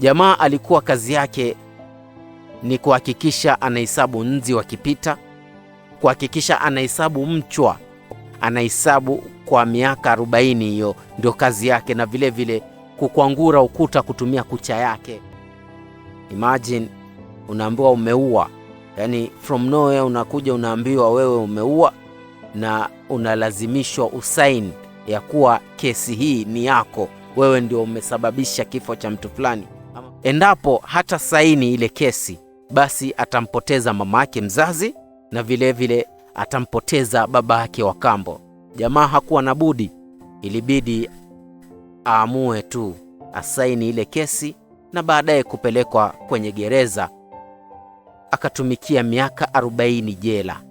Jamaa alikuwa kazi yake ni kuhakikisha anahesabu nzi wakipita, kuhakikisha anahesabu mchwa, anahesabu kwa miaka 40. Hiyo ndio kazi yake, na vile vile kukwangura ukuta kutumia kucha yake. Imagine unaambiwa umeua, yani from nowhere unakuja unaambiwa wewe umeua, na unalazimishwa usaini ya kuwa kesi hii ni yako, wewe ndio umesababisha kifo cha mtu fulani. Endapo hata saini ile kesi, basi atampoteza mamake mzazi na vilevile vile atampoteza baba yake wa kambo. Jamaa hakuwa na budi, ilibidi aamue tu asaini ile kesi na baadaye kupelekwa kwenye gereza akatumikia miaka 40 jela.